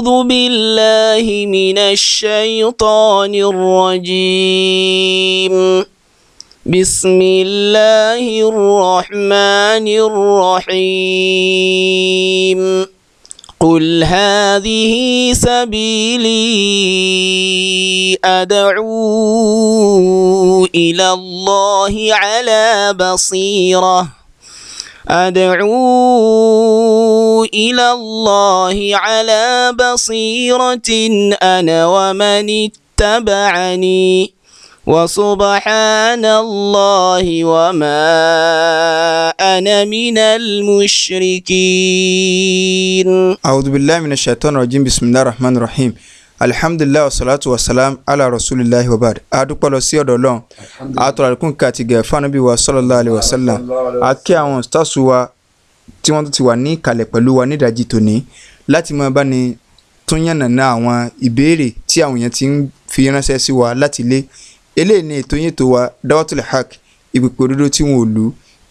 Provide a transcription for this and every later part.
أعوذ بالله من الشيطان الرجيم بسم الله الرحمن الرحيم قل هذه سبيلي أدعو إلى الله على بصيرة أدعو الى الله على بصيره انا ومن اتبعني وسبحان الله وما انا من المشركين اعوذ بالله من الشيطان الرجيم بسم الله الرحمن الرحيم الحمد لله والصلاه والسلام على رسول الله وبعد ادوكو لو سي اودو لون اتولكون كاتي غفانبي وصلى الله عليه وسلم اكي اون ستاسوا tí wọ́n tún ti wà ní ìkàlẹ̀ pẹ̀lú wa nídàájí tòní láti máa bá ní tún yànnàná àwọn ìbéèrè tí àwọn èèyàn ti ń fi ránṣẹ́ sí wa láti ilé eléyìí ni ètò yín tó wa Dawatul Haq ìpèpè òdodo tí wọn ò lù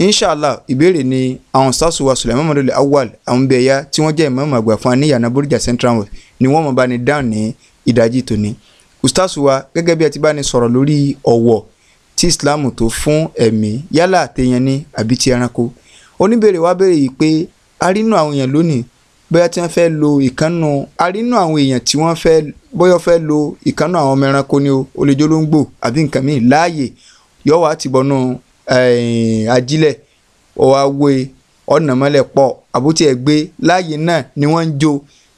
inshallah ìbéèrè ni àwọn sars wa Sulaiman Modele Awal àwọn bẹ̀yà tí wọ́n jẹ́ ìmọ̀ọ́mọ̀ àgbà fún aníyànà Bódìjà Central Mosque ni wọ́n mọ̀ bá ní dáhùn ní ìdajì tòní ustaz wa gẹ́gẹ́ bí ẹ ti bá ní sọ̀rọ̀ lórí ọ̀wọ̀ tí Islam tó fún ẹ̀mí yálà àtẹ̀yẹn ní àbí ti ẹranko oníbèrè wa béèrè yìí pé arínú àwọn èèyàn lónìí bóyá tí wọ́n fẹ́ lo ìkànnù arínú àwọn èèyàn tí wọ́n fẹ́ bóyá fẹ́ lo ìkànnù àwọn ọmọ ẹranko ni o olèjólóńgbò àbí nǹkan míì láàyè yọ̀wá àti bọ̀nù eh, ajílẹ̀ ọ̀wá wé ọ̀nà mọ́lẹ̀ pọ̀ àbótí ẹ̀ gbé láàyè náà ni wọ́n ń jó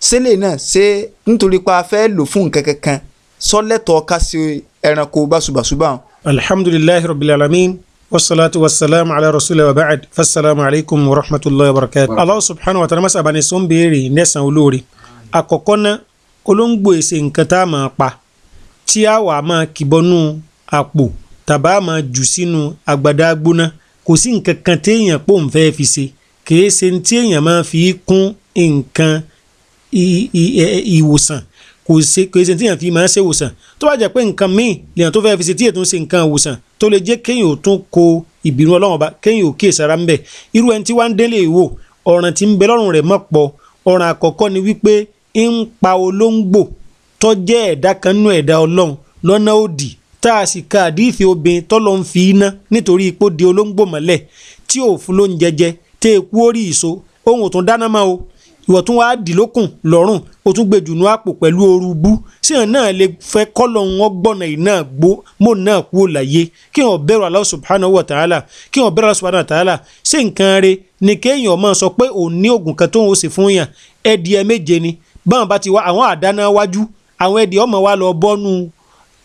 sẹ́lẹ̀ náà ṣé nítorí pa fẹ́ lò fún nǹkan kankan sọ́lẹ̀tọ̀ ká ṣe ẹranko báṣubàṣubà. alhamdulilayi rabbil alamin wasalaatu wasalaamu ala rasulillah wa baad fasalaamu alaykum wa rahmatulahi wa barakatu. Allah subhanahu wa ta'ala masa abani sun béèrè nẹ́sàn olóore àkọ́kọ́ náà olóńgbò èsè nǹkan tá a máa pa tí a wà máa kìbọnú àpò tàbá máa jù sínú àgbàdo agbóná kò sí nǹkan kan téèyàn pò ń fẹ́ fi ṣe kèé ṣe tí èèyàn máa fi kún nǹkan ìwòsàn kò ṣe kò ṣe tíyàn fi máa ṣe ìwòsàn tó bá jẹ́ pé nǹkan míì lèèyàn tó fẹ́ fi ṣe tíyẹ̀ tó ń ṣe nǹkan ìwòsàn tó lè jẹ́ kéèyàn ò tún ko ìbínú ọlọ́run ọba kéèyàn ò kíyè sára ń bẹ̀ irú ẹni tí wá ń délé ìwò ọ̀ràn tí ń bẹ lọ́rùn rẹ̀ mọ̀ pọ̀ ọ̀ràn àkọ́kọ́ ni wípé ń pa olóńgbò tó jẹ́ ẹ̀dá kan nú ẹ̀dá ọlọ́run lọ́nà òdì tá a sì ka àdífi obìnrin tọ́lọ́ ń fi iná nítorí ipò di olóńgbò mọ́lẹ̀ tí òfun ló ń jẹjẹ tẹ́ ekú ó rí ìso ohun ò tún dáná mọ́ o ìwọ tún wáá dì lókùn lọ́rùn o tún gbé jùnú àpò pẹ̀lú ooru bú síyàn náà lè fẹ́ kọ́lọ̀ wọn gbọ́nà iná gbó mò náà kú ò láyé kí wọn bẹ̀rù ala subhanahu wa ta'ala kí wọn bẹ̀rù Allah subhanahu wa ta'ala ṣé nǹkan re ni kéèyàn máa sọ pé òun ní oògùn kan tó ń ṣe fún yàn méje ni báwọn bá ti wá àwọn àdáná wájú àwọn ọmọ wa lọ bọ́nu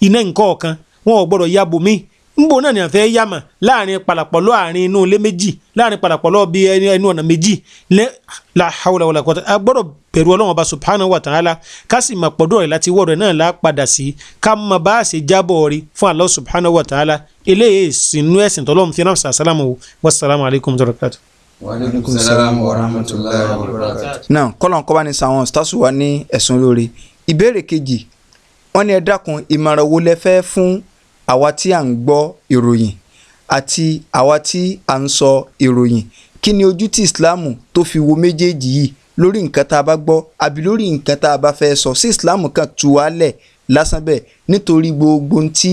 iná nǹkan ọ̀kan wọn ò gbọ́dọ̀ nbọ náà ni a fẹ́ yàmà láàrin palapọ̀lọ́ àárín inú ilé méjì láàrin palapọ̀lọ́ bí ẹnu ọ̀nà méjì la hawla wala quwwata a gbọ́dọ̀ bẹ̀rù ọlọ́run ọba subhanahu wa ta'ala ká sì máa pọ̀dọ̀ rẹ̀ láti wọ́ọ̀rọ̀ náà la padà sí ká máa bá a ṣe jábọ̀ rí fún Allah subhanahu wa ta'ala eléyìí sínú ẹ̀sìn tọ́lọ́run fi ránṣẹ́ àsálàmù wasalaamu alaykum wa rahmatulahi. wa alaykum salaam wa rahmatulahi wa barakatuh. náà kọ́lọ̀ kọ́ba ni sàwọn stasi ní ẹ̀sùn àwa tí à ń gbọ́ ìròyìn àti àwa tí à ń sọ ìròyìn kí ni ojú tí ìsìláàmù tó fi wo méjèèjì yìí lórí nǹkan tá a bá gbọ́ àbí lórí nǹkan tá a bá fẹ́ sọ sí ìsìláàmù kan tú wa lẹ̀ lásán bẹ́ẹ̀ nítorí gbogbo ohun tí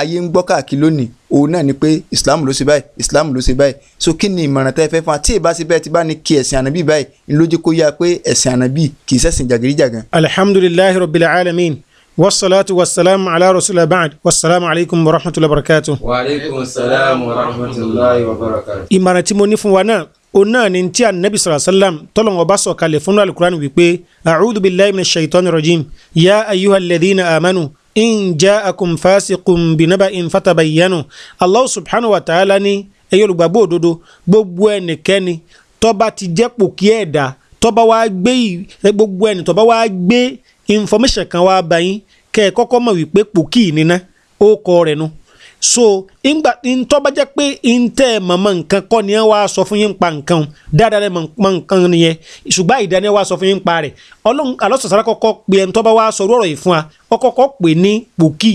ayé ń gbọ́ káàkiri lónìí òun náà ni pé ìsìláàmù ló ṣe báyìí ìsìláàmù ló ṣe báyìí so kí ni ìmọ̀ràn tẹ́ fẹ́ fún wa tí ì bá ṣe bẹ́ẹ̀ ti bá ní kí ẹ̀sìn ànábì báyìí ńlójú kó yá pé ẹ̀sìn ànábì kì í ṣẹ̀sìn jàgídíjàgan. alhamdulillahi rabbil alamin والصلاة والسلام على رسول بعد والسلام عليكم ورحمة الله وبركاته وعليكم السلام ورحمة الله وبركاته ìmọ̀ràn tí mo ní fún wa náà òun náà ni tí anabi sọ̀rọ̀ sálám tọ́lọ̀wọ́ bá sọ̀ kalẹ̀ fún alukuran wípé a'udhu billahi minash shaitani rajim ya ayyuhal ladhina amanu in ja'akum fasiqun binaba'in fatabayyanu allah subhanahu wa ta'ala ni ẹ̀yin olùgbàgbọ́ òdodo gbogbo ẹnikẹ́ni tó ti jẹ́ pòkí ẹ̀dá tó bá gbé information kan wá bá yín kẹ́ ẹ kọ́kọ́ mọ̀ wípé pòkì níná ó kọ nu so ngba ntọ́ bá jẹ́ pé ntẹ́ mọ̀mọ́ nǹkan ni ẹ wá sọ fún yín pa nkan dáadáa lẹ́ mọ̀ nìyẹn ni ẹ wá sọ fún yín pa rẹ ọlọ́run alọ́sọ̀sára pe pé ntọ́ sọ orú yìí fún wa ọkọ̀ kọ́ pé ní pòkì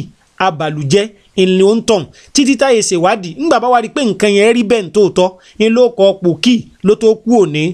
abàlùjẹ́ ìlú òǹtàn títí táyé ṣèwádìí ńgbà bá wá rí pé nǹkan yẹn rí bẹ́ẹ̀ pòkì ló tó kú òní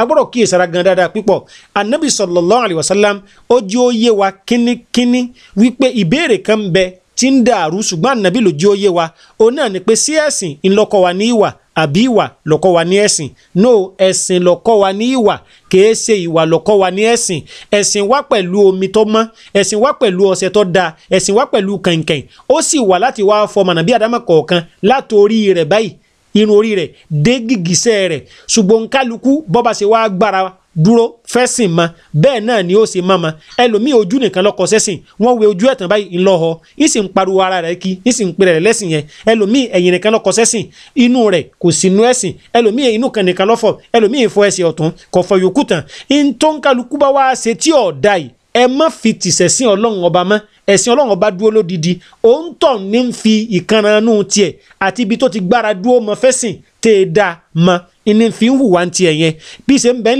agbọ́dọ̀ kíyè sára gan dáadáa pípọ̀ anabi sallallahu alayhi wa sallam ó jẹ́ ó yé wa kínníkínní wípé ìbéèrè kan bẹ tí ń dàrú ṣùgbọ́n anabi ló jẹ́ ó yé wa ó náà ni pé sí ẹ̀sìn ńlọkọ wa ní ìwà àbí ìwà lọ́kọ́ wa ní ẹ̀sìn no ẹ̀sìn lọ́kọ́ wa ní ìwà kìí ṣe ìwà lọ́kọ́ wa ní ẹ̀sìn ẹ̀sìn wá pẹ̀lú omi tó mọ́ ẹ̀sìn wá pẹ̀lú ọṣẹ tó dáa ẹ̀sìn wá pẹ̀lú kẹ̀kẹ́ ó sì wà láti wá fọmọ nàbí àdámọ̀ kọ̀ọ̀kan látòrí rẹ̀ báyìí irun orí rẹ̀ dé gìgísẹ̀ rẹ̀ ṣùgbọ́n kálukú bọ́ba ṣe wá gbára dúró fẹ́sìn mọ bẹ́ẹ̀ náà ni ó ṣe mọ́ mọ́ ẹlòmíì ojú nìkan lọ́kọ sẹ́sìn wọ́n wé ojú ẹ̀tàn báyìí ńlọ́họ ń sì ń pariwo ara rẹ̀ kí ń sì ń pèrè rẹ̀ lẹ́sìn yẹn ẹlòmíì ẹ̀yìn nìkan lọ́kọ sẹ́sìn inú rẹ̀ kò sí inú ẹ̀sìn ẹlòmíì inú kan nìkan lọ́fọ̀ ẹlòmíì fọ ẹsẹ̀ ọ̀tún kò fọ yòókù tán ń tó ń kálukú bá wá ṣe tí ọ̀dà yìí ẹ má fi tìṣẹ̀sìn ọlọ́run ọba mọ́ ẹ̀sìn ọlọ́run bá dúró lódidi òun tọ̀ ní ń fi ìkànnánú tiẹ̀ àti ibi tó ti gbára dúró mọ fẹ́sìn tẹ́ ẹ dá mọ ìní fi ń hùwà tiẹ̀ yẹn bí ṣe ń bẹ́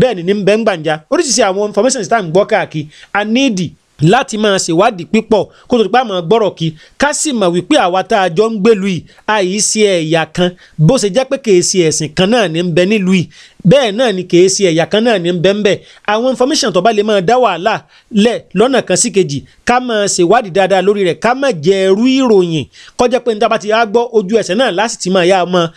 bẹ́ẹ̀ ni ń bẹ́ oríṣiríṣi àwọn information tá à ń gbọ́ káàkiri a láti máa ṣèwádìí pípọ̀ kó tó di pé àmọ́ gbọ́rọ̀ kí ká sì mọ̀ wípé àwa tá a jọ ń gbèlú yìí àyè sí ẹ̀yà kan bó ṣe jẹ́ pé kèé sí ẹ̀sìn kan náà ní ń bẹ nílùú yìí bẹ́ẹ̀ náà ni kèé sí ẹ̀yà kan náà ní ń bẹ ń bẹ àwọn information tó bá lè máa dá wàhálà lẹ̀ lọ́nà kan sí kejì ká máa ṣèwádìí dáadáa lórí rẹ̀ ká má jẹ ẹrú ìròyìn kọjá pé níta bá ti á gbọ́ ojú ẹsẹ̀ náà láti ti máa yá ọmọ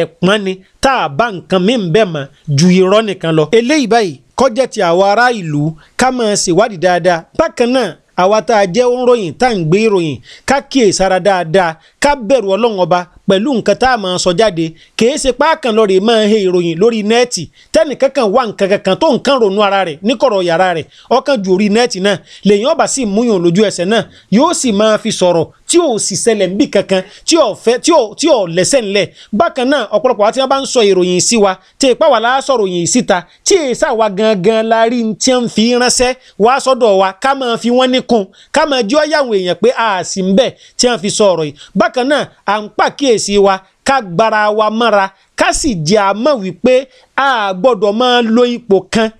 ẹ̀pọ́n ni tá a bá nǹkan mí ń bẹ̀ mọ́ ju irọ́ nìkan lọ. eléyìí báyìí kọjá ti àwa ará ìlú ká máa ṣèwádìí dáadáa bákan náà àwa tá a jẹ́ oníròyìn tá à ń gbé ìròyìn ká kíyèsára dáadáa ká bẹ̀rù ọlọ́run ọba pẹ̀lú nǹkan tá a máa sọ jáde kìí ṣe páàkàn lọ́ọ́ rè máa he ìròyìn lórí nẹ́ẹ̀tì tẹ́nìkan kan wà nǹkan kankan tó nǹkan ronú ara rẹ̀ níkọ̀rọ̀ yàrá rẹ̀ ọkàn ju orí nẹ́ẹ̀tì náà lèyìn ọba sì múyàn lójú ẹsẹ̀ náà yóò sì máa fi sọ̀rọ̀ tí ò sì ṣẹlẹ̀ níbì kankan tí ò fẹ́ tí ò tí ò lẹ́sẹ̀ ńlẹ̀ bákan náà ọ̀pọ̀lọpọ̀ àti wọn bá ń sọ ìròyìn sí wa tí ìpá wà láàsọ ròyìn síta tí èsà wa gangan la rí tí ń fi ránṣẹ́ wá sọ́dọ̀ wa ká máa fi wọ́n níkun ká máa jọ́ yàwọn èèyàn pé a sì ń bẹ̀ tí wọ́n fi sọ ọ̀rọ̀ yìí bákan náà à ń pàkíyè àkíyèsí wa ká gbára wa mọ́ra ká sì jẹ́ àmọ́ wípé a gbọ́dọ̀ máa lo ipò kan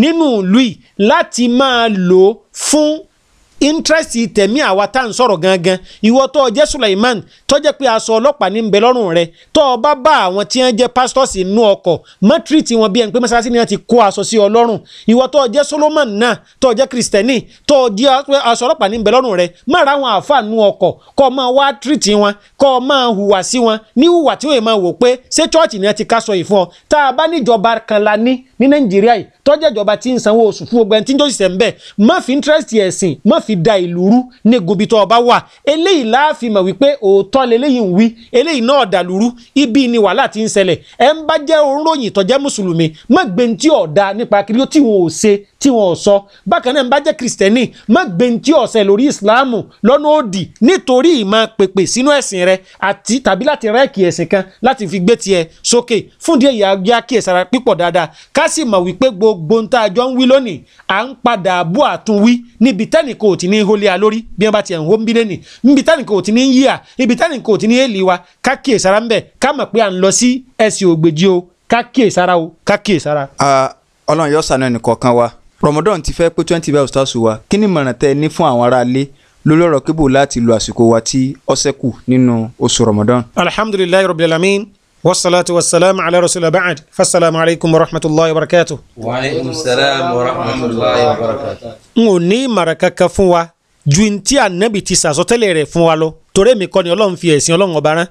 nínú ìlú yìí láti máa lò ó fún interest tẹ̀mí àwa tá à ń sọ̀rọ̀ gangan ìwọ tó o jẹ́ Suleiman tó jẹ́ pé aṣọ ọlọ́pàá ní ń bẹ lọ́rùn rẹ tó o bá bá àwọn tí wọ́n jẹ́ pastors inú ọkọ̀ matric wọn bí ẹni pé mọ́sálásí ni wọ́n ti kó aṣọ sí ọlọ́run ìwọ tó jẹ́ Solomon náà tó o jẹ́ kristẹni tó o jẹ́ aṣọ ọlọ́pàá ní ń bẹ lọ́rùn rẹ má ra àwọn àáfà inú ọkọ̀ kọ́ ọ máa wá treat wọn kọ́ ọ máa hùwà sí wọn ní hùwà tí wò pé ni wọ́n ti kásọ yìí fún ọ tá a bá níjọba kan la ní interest ẹ̀sìn má fi fi da ìlú rú ní gobi tó ọba wà eléyìí láàfin mọ̀ wípé òótọ́ leléyìí ń wí eléyìí náà dàlú rú ibi ni wàhálà ti ń ṣẹlẹ̀ ẹ̀ ń bá jẹ́ oròyìn tó jẹ́ mùsùlùmí mọ̀gbẹ́ntì ọ̀dà nípa kiri tí wọn ò ṣe tí wọn ò sọ bákan náà ń bá jẹ́ kìrìsìtẹ́nì má gbẹ̀ntì ọ̀sẹ̀ lórí ìsìláàmù lọ́nà òdì nítorí ìmọ̀ pèpè sínú ẹ̀sìn rẹ àti tàbí láti rẹ́ẹ̀kì ẹ̀sìn kan láti fi gbé tiẹ̀ sókè fún díẹ̀ yà á kíyèsára pípọ̀ dáadáa ká sì mọ̀ wípé gbogbo ń tá a jọ ń wí lónìí à ń padà bú àtún wí níbi tẹ́nì kò tí ní hólé a lórí bí wọ́n bá tiẹ̀ ń hó ń bí lẹ́nì níbi tẹ́nì kò tí ní yíyà níbi tẹ́nì kò tí ní èlì wa ká kíyèsára ń bẹ̀ ká mọ̀ pé à ń lọ sí ẹ̀sìn ògbèjì o ká kíyèsára o ká kíyèsára. ọlọ́run yóò ṣàánú ẹnì kọ̀ọ̀kan wa Ramadan ti fẹ́ pé twenty báyìí ọ̀sítàṣù wa kí ni ìmọ̀ràn tẹ́ ẹ ní fún àwọn aráalé lórí ọ̀rọ̀ kébù láti lo àsìkò wa tí ó ṣẹ́kù nínú oṣù Ramadan. alhamdulilayi rabbil alamin wasalaatu wasalaamu ala rasulillah ba'ad fasalaamu alaykum wa rahmatulahi wa barakatu. wa aleykum salaam wa rahmatulahi wa barakatu. n ò ní ìmọ̀ràn kankan fún wa ju ntí anabi ti sàsọtẹ́lẹ̀ rẹ̀ fún wa lọ torí mi kọ́ ni ọlọ́run fi ẹ̀sìn ọlọ́run ọba rán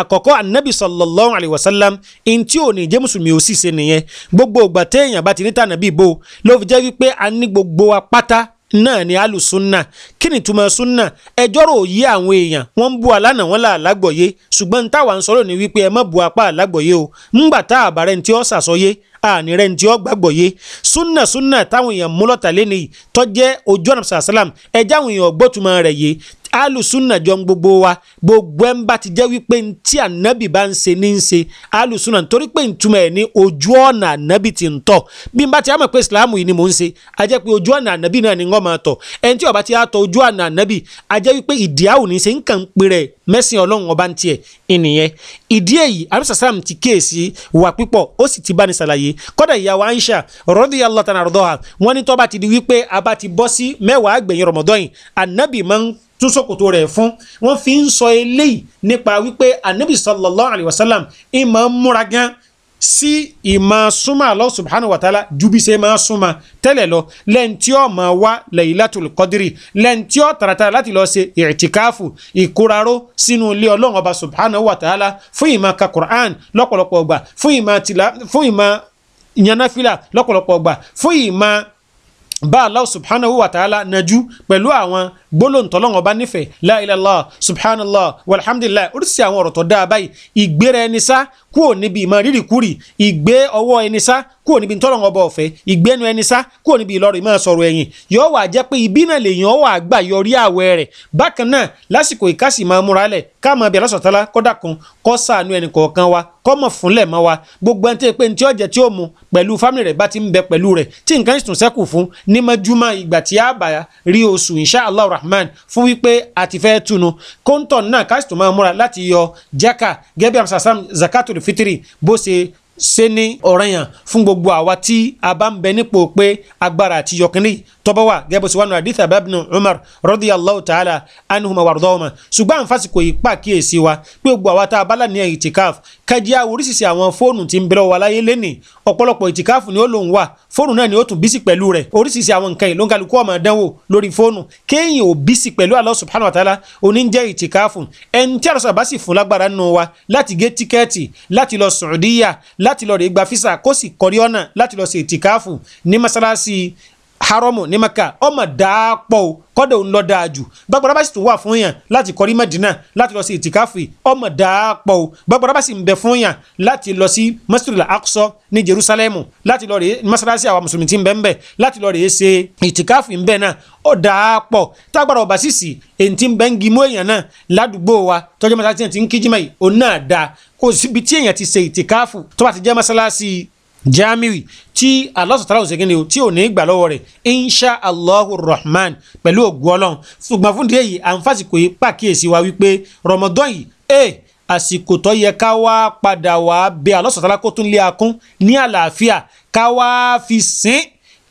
àkọ́kọ́ anabi sallallahu alayhi wa sallam ntí ò ní jẹ́ mùsùlùmí ò sì ṣe nìyẹn gbogbo ìgbà téèyàn bá ti ní tànàbí bò ló fi jẹ́ wípé a ní gbogbo wa pátá náà ni alùsùnà kí ni túmọ̀ súnà ẹjọ́ rò yí àwọn èèyàn wọ́n ń bu àlànà wọn là lágbọ̀yé ṣùgbọ́n táwa ń sọ̀rọ̀ ni wípé ẹ má bu apá àlágbọ̀yé o ńgbà tá àbárẹ̀ ntí ó sàsọyé àní rẹ̀ ní tí ó gbàgbọ́ yé súnà súnà táwọn èèyàn mú lọ́tà lẹ́nu yìí tó jẹ́ ojú ọ̀nà sàlám ẹ̀já àwọn èèyàn gbọ́tùmọ̀ rẹ̀ yé alùsùnà jọ gbogbo wa gbogbo ẹ̀ ń bá ti jẹ́ wípé tí ànábì bá ń ṣe ní ń ṣe alùsùnà torí pé ìtumọ̀ ẹ̀ ní ojú ọ̀nà ànábì ti ń tọ̀ bí n bá ti àmọ̀ pé ìsìláàmù yìí ni mò ń ṣe a jẹ́ pé ojú ọ̀nà ànábì náà ni ń máa tọ̀ ẹni tí ó bá ti àtọ̀ ojú ọ̀nà ànábì a jẹ́ wípé ìdí àwò ní ṣe ń kàn ń pèrè mẹ́sìn ọlọ́run ọba ń tiẹ̀ ìnìyẹn ìdí èyí alùsàsàm ti kíyèsí wà pípọ̀ ó sì ti bá ní ṣàlàyé kọ́dà ìyàwó Aisha radiyallahu ta'ala anha wọ́n ní tó ti di wípé a bá ti bọ́ sí mẹ́wàá àgbẹ̀yìn Ramadan ànábì máa ń tún ṣòkòtò rẹ̀ fún wọ́n fi ń sọ eléyìí nípa wípé anabi sallallahu alayhi wa sallam ìmọ̀ ń múra gan sí ìmọ̀ súnmọ́ Allah subhanahu wa ta'ala ju bí ṣe máa súnmọ́ tẹ́lẹ̀ lọ lẹ́yìn tí ó máa wá Laylatul Qadri lẹ́yìn tí ó tàràtà láti lọ ṣe ìtìkáàfù ìkóraró sínú ilé ọlọ́run ọba subhanahu wa ta'ala fún ìmọ̀ ka Qur'an lọ́pọ̀lọpọ̀ ọgbà fún ìmọ̀ yanáfìlà lọ́pọ̀lọpọ̀ ọgbà fún ìmọ̀ bá Allah subhanahu wa ta'ala najú pẹ̀lú àwọn gbólóhùn tọ́lọ́wọ́n bá nífẹ̀ẹ́ la ilaha illallah subhanallah walhamdulillah oríṣi àwọn ọ̀rọ̀ tó dáa báyìí ìgbéra ẹni sá kúò níbi ìmọ̀ rírì kúrì ìgbé ọwọ́ ẹni sá kúò níbi tọ́lọ̀ ọba ọ̀fẹ́ ìgbénu ẹni sá kúò níbi ìlọrin máa sọ̀rọ̀ ẹ̀yìn yóò wà jẹ́ pé ibi náà lèèyàn wà gbà yọrí àwẹ̀ rẹ̀ bákan náà lásìkò ìkásì máa múra lẹ̀ káàmọ́ abẹ́ lọ́sọ̀tálá kọ́dà kan kọ́ sàánú ẹnì kọ̀ọ̀kan wa kọ́mọ̀ fúnlẹ̀ mọ́ wa gbogbo ẹni tó pé ní tí tí ó mu pẹ̀lú fámìlì rẹ̀ bá ti ń bẹ pẹ̀lú rẹ̀ tí nǹkan ìsùn sẹ́kù fún ní mọ́júmọ́ ìgbà tí a rí oṣù insha allah rahman fún wípé àti fẹ́ tunu kóńtọ̀ náà káṣítọ̀ máa múra láti yọ jákà gẹ́gẹ́ bí zakatul fitiri bó ṣe ṣe ní ọ̀ranyàn fún gbogbo àwa tí a bá ń bẹ nípò pé agbára àti yọkínní tọ́bọ̀ wa gẹ́gẹ́ bó ṣe wà nù hadith abẹ́bìnú Umar radiyallahu ta'ala anhuma wardọ́ọ̀mà ṣùgbọ́n àǹfàsìkò yìí pàkíyèsí wa pé gbogbo àwa tá a bálà ní ìtìkáf kájí àwọn oríṣiríṣi àwọn fóònù tí ń bẹ̀rẹ̀ wà láyé lẹ́nì ọ̀pọ̀lọpọ̀ ìtìkáf ni ó lòun wà fóònù náà ni ó tún bísí pẹ̀lú rẹ̀ oríṣiríṣi àwọn nǹkan yìí ló ń kálukú ọmọ dánwò lórí fóònù kéèyàn ò bísí pẹ̀lú Allah subhanahu wa ta'ala oníjẹ́ ìtìkáf ẹni tí àròsọ bá sì fún lágbára nù wa láti gé tíkẹ́ẹ̀tì láti lọ Saudiya láti lọ rè gba físà kó sì kọrí ọ̀nà láti lọ sí ìtìkáf ní masalasi haramu ní maka ọmọ dáa pọ̀ o kọ́dọ̀ ń lọ dáa jù gbàgbọ́dọ̀ bá sì tún wà fún yàn láti kọrí Madina láti lọ sí ìtìkáfì ọmọ dáa pọ̀ o gbàgbọ́dọ̀ bá sì ń bẹ fún yàn láti lọ sí Masjidul Aqsa ní Jerusalemu láti lọ rèé masalasi àwa mùsùlùmí ti ń bẹ ń bẹ láti lọ rèé ṣe ìtìkáfì ń bẹ náà ó dáa pọ̀ tágbàdọ̀ ọba sísì èyí ti ń bẹ ń gimú èèyàn náà ládùúgbò wa tọ́jú masalasi ti ń kíjìmọ̀ ti ṣe jamiu tí Allah Ta'ala ò segin ni o tí ò ní gbà lọ́wọ́ rẹ̀ insha allahu rahman pẹ̀lú ògùn ọlọ́run ṣùgbọ́n fún díẹ̀ yìí àǹfààsìkò yìí pàkíyèsí wa wípé rọmọdán yìí ẹ eh, àsìkò tó yẹ ká wá padà wá bẹ Allah Ta'ala kó tún lé akún ní àlàáfíà ká wá fi sìn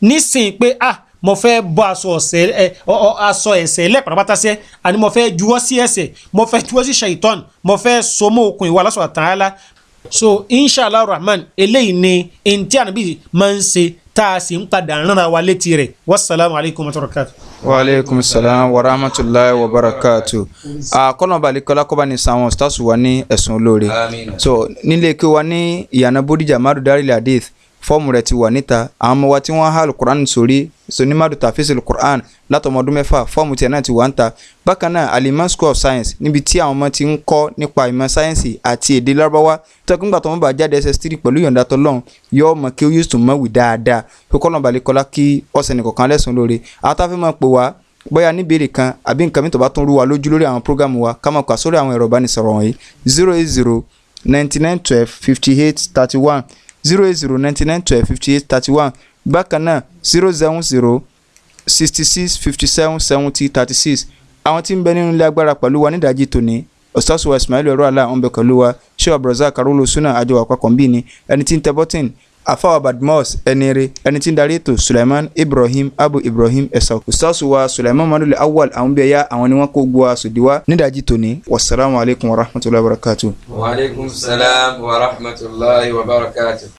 nísìn pé ah mo fẹ́ bọ́ aṣọ ọ̀sẹ̀ ẹ eh, aṣọ ẹ̀sẹ̀ lẹ́pàdàpàtà sẹ́ àní mo fẹ́ juwọ́ sí ẹ̀sẹ̀ mo fẹ́ juwọ́ sí ṣàìtọ́n mo fẹ́ so mọ́ ìwà Allah Ta'ala so inshallah rahman eléyìí ni ntí ànábì máa ń ṣe tá a sì ń padà ránra wa létí rẹ̀ wasalaamu alaykum wa rahmatulahi. wa aleykum salaam wa rahmatulahi wa barakatu. àkọ́nà balikọ́lá kọ́ba ní sàwọn stars wa ní ẹ̀sùn olóore. so nílé kí wa ní ìyànà madu darila hadith fọ́ọ̀mù rẹ̀ ti wà níta àwọn ọmọ wa tí wọ́n há alukur'an sórí sonimadu tafis alukur'an látọmọdún mẹ́fà fọ́ọ̀mù tiẹ̀ náà ti wà níta bákan náà alimán school of science níbi tí àwọn ọmọ ti ń kọ́ nípa ìmọ̀ sáyẹ́nsì àti èdè lárúbáwá tọ́kùn gbàtọ́ wọn bá jáde ss3 pẹ̀lú yọ̀ǹda tọ́lọ́n yọ ọmọ kí ó yóò sùn mọ́wì dáadáa kó kọ́ lọ́nba lẹ́kọ́lá kí ọ̀sẹ̀ nìkọ̀kan lẹ́sùn lóore àwọn táfẹ́ máa pè wá bóyá níbèrè kan àbí nǹkan mi tó bá tún rú wa lójú lórí àwọn prógámù wa ká máa kà sórí àwọn ẹ̀rọ ìbánisọ̀rọ̀ wọ̀nyí zero eight zero ninety nine twelve fifty eight thirty one zero eight zero ninety nine twelve fifty eight thirty one bákan náà zero seven zero sixty six fifty seven seventy thirty six àwọn tí ń bẹ nínú ilé agbára pẹ̀lú wa nídàájí tòní ọ̀sásùwà ismail ẹ̀rọ àlà ọ̀nbẹ pẹ̀lú wa ṣé abrazak karolo suna àjọwà papọ̀ nbí ni ẹni tí ń tẹ bọ́tìn afawa badmus ẹnire ẹni tí ń darí ètò suleiman ibrahim abu ibrahim ẹ̀sà ọ̀sásùwà suleiman madule awal àwọn bí ẹ̀yà àwọn ni wọ́n kó gbọ́ àṣòdiwá nídàájí tòní wasalaamualeykum wa rahmatulahi wa wa aleykum wa rahmatulahi